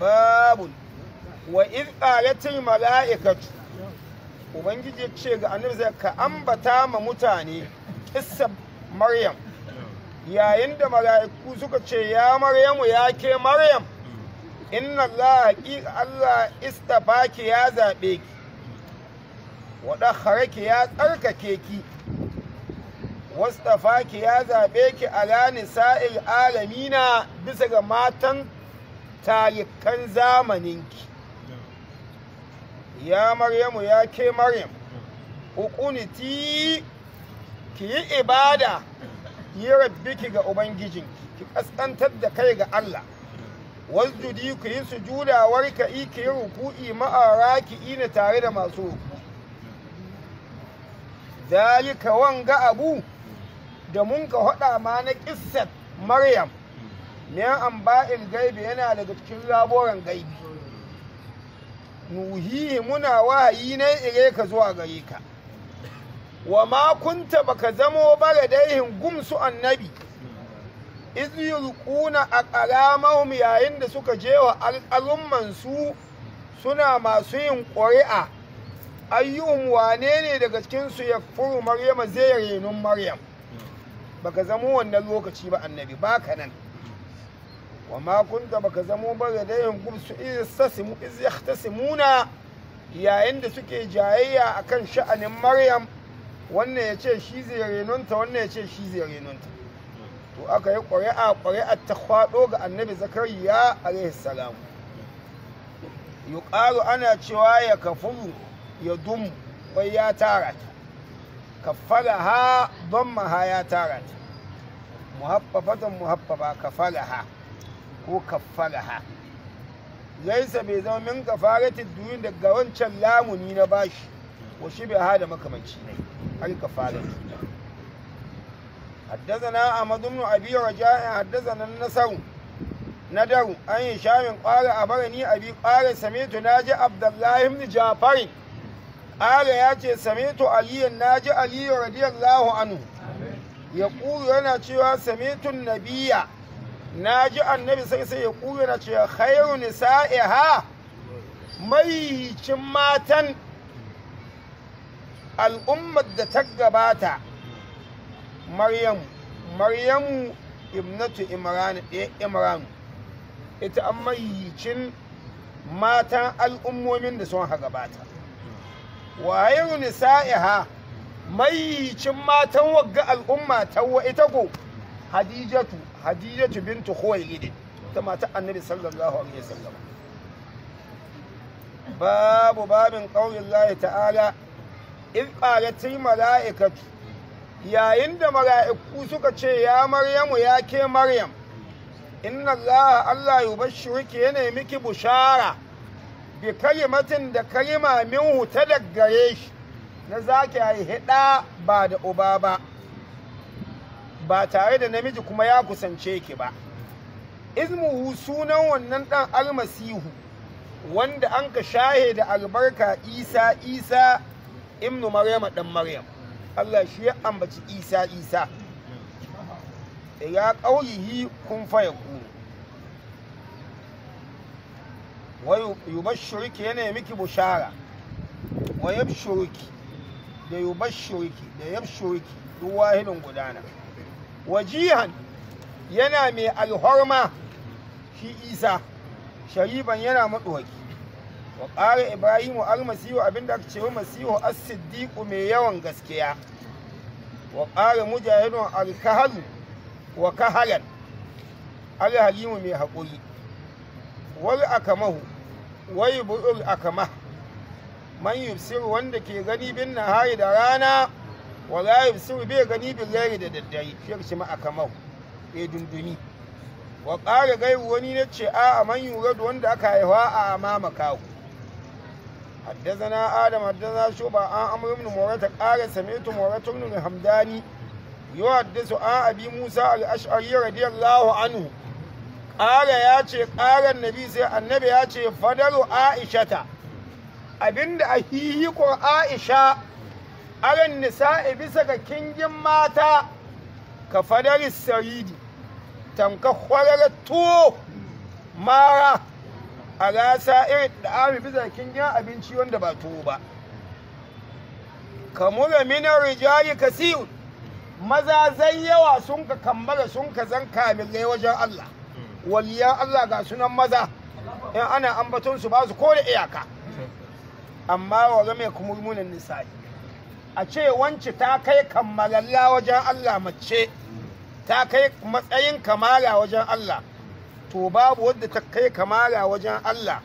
babun wa iz qalatil mala'ikatu ubangiji ce ga annabi zai ka ambata ma mutane kissa maryam yayin da mala'iku suka ce ya maryamu ya ke maryam inna allaha haqiqa allah istafaki ya zabe ki wada haraki ya tsarkake ki wastafaki ya zabe ki ala nisa'il alamina bisa ga matan zamanin ki. ya maryamu ya ke maryam ukuniti ki yi ibada yi rabbiki ga ubangijinki ki kaskantar da kai ga Allah Wajudi ku yi sujuda warka i ki yi ruku'i ma'ara ki ina tare da masu ruku zalika wanga abu da mun ka hada ma na kissat maryam miyan amba'in gaibi yana daga cikin laboran gaibi Nuhi, muna wahayi na ire ka zuwa gare ka wa ma kunta baka zamo bara daihin gumsu annabi rukuna a aqlamahum yayin da suka je wa alqalumman su suna masu yin ƙuri'a ayyuhun wane ne daga cikin su furu maryama zai renun maryam baka zamo wannan lokaci ba annabi baka nan wa ma baka zamo ba da dayan gumsu istasimu iz yahtasimuna yayin da suke jayayya akan sha'anin Maryam wannan ya ce shi zai renonta wannan ya ce shi zai renonta to aka yi ƙuri'a ƙuri'a ta kwaɗo ga annabi zakariya alaihi salam yuqalu ana cewa ya kafuru ya dum wai ya tara ta kafara ha don maha ya tara ta muhaffafatan muhaffafa kafara ha ko kaffaraha laisa bai zama min kafaratin duyin daga wancan lamuni na bashi wa shi bai hada makamanci ne har kafarar juna حدثنا أحمد بن أبي رجاء حدثنا النسر ندر أن هشام قال أمرني أبي قال سمعت ناجي عبد الله بن جعفر قال ياتي سمعت علي ناجي علي رضي الله عنه يقول أنا شوى سمعت النبي na ji annabi sai sai ya kuyo na ce khairu nisa'iha maicin matan al'ummar da ta gabata maryam maryamu ibnatu imran ɗaya eh, imran ita an maicin matan al'ummomin da sun ha gabata wa khairu nisa'iha maicin matan wagga al'umma ta ita ko hadijatu hadijatu bintu khuwaylid ta mata annabi sallallahu alaihi wasallam babu babin qaulin lahi ta'ala in qalatil mala'ikatu yayin da mala'iku suka ce ya maryamu ya ke maryam inna allaha allah yubashshiruki yana miki bushara bi kalimatin da kalima minhu ta daggare shi na zaki haihi ba da uba ba ba tare da namiji kuma ya kusance ki ba ismuhu sunan wannan dan almasihu wanda an ka shahe da albarka isa isa ibnu maryama ɗan maryam allah shi ya ambaci isa isa ya ƙauyihi kun faya ku wa yubashshiruki yana miki bushara wa yabshuruki da yubashshiruki da yabshuruki duk wahidin gudana wajihan yana mai alhorma shi isa shariban yana matsuwaki wa ƙara ibrahimu almasihu abinda aka ce masihu as-siddiqu mai yawan gaskiya wa ƙara mujahidun alkahalu wa kahalan alhalimu mai haƙuri wal akamahu wai bu'ul akamah man yubsir wanda ke gani bin nahari da rana wala su bai gani bil laili da daddare shi ma akamau e dundumi wa ƙara gairu wani na ce a man da wanda aka haihuwa a amama kawo haddazana adam haddazana shuba an amr ibn ƙara sametu murata ibn hamdani yuhaddisu an abi musa al-ash'ari radiyallahu anhu ƙara ya ce ƙaran nabi sai annabi ya ce fadaru aishata abinda a hihi aisha aran nisa'i bisa ga kingin mata ka fadari saridi tamka kwararar tuwo mara a gasa irin ami bisa ga kingin abinci wanda ba tuwo ba kamura minar rijali kasiyun maza zai yawa sun ka kammala sun ka zan kamilai wajen Allah waliyan Allah ga sunan maza in ana ambaton su ba su kore iyaka amma wa game kumulmunan nisa'i a ce wance ta kai kammalalla wajen Allah mace ta kai matsayin kamala wajen Allah to babu wadda ta kai kamala wajen Allah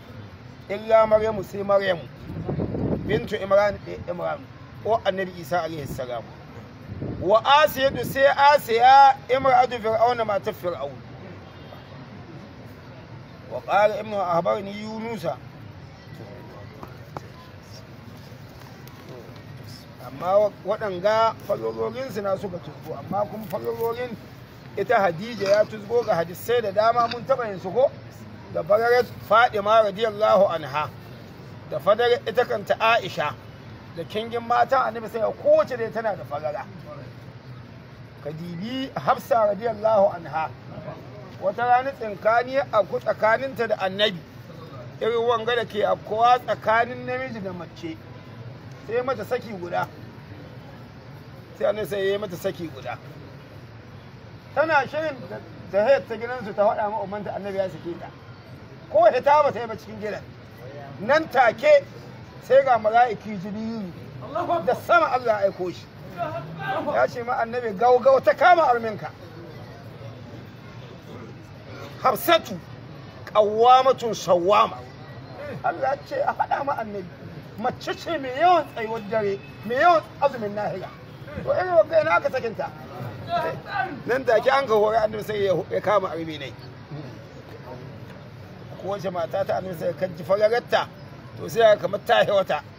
illa maryamu sai maryamu bintu imran da eh, imran ko annabi isa alaihi salam wa asiyatu sai asiya imra'atu fir'auna matar fir'aun wa qala ibnu ahbarni yunusa amma waɗanga falolorin su na suka tuzgo amma kuma falolorin ita hadija ya tuzgo ga hadisai da dama mun taɓa yin su ko da fadarar fadima radiyallahu anha da fadar ita kanta aisha da kingin mata annabi sai kowace dai tana da farara kadibi hafsa radiyallahu anha wata rana tsinkani a tsakaninta da annabi irin wanga da ke afkowa tsakanin namiji da mace sai mata saki guda sai sai ya yi mata saki guda tana shirin da hayar ta gidansu ta faɗa ma ta annabi ya saki ta ko hita ba ta yi ba cikin gidan nan take sai ga mala'iki jibrilu da sama Allah aiko shi ya ce ma annabi gaugau ta kama arminka hafsatu kawamatun sawama Allah ce a haɗa ma annabi mace ce mai yawan tsayuwar dare mai yawan azumin nahiya to irin eh, wa kai ka sakin ta nan da ke an ka hori annabi sai ya kama arme ne ko wace mata ta annabi sai kan ji fararta to sai kamar ta wata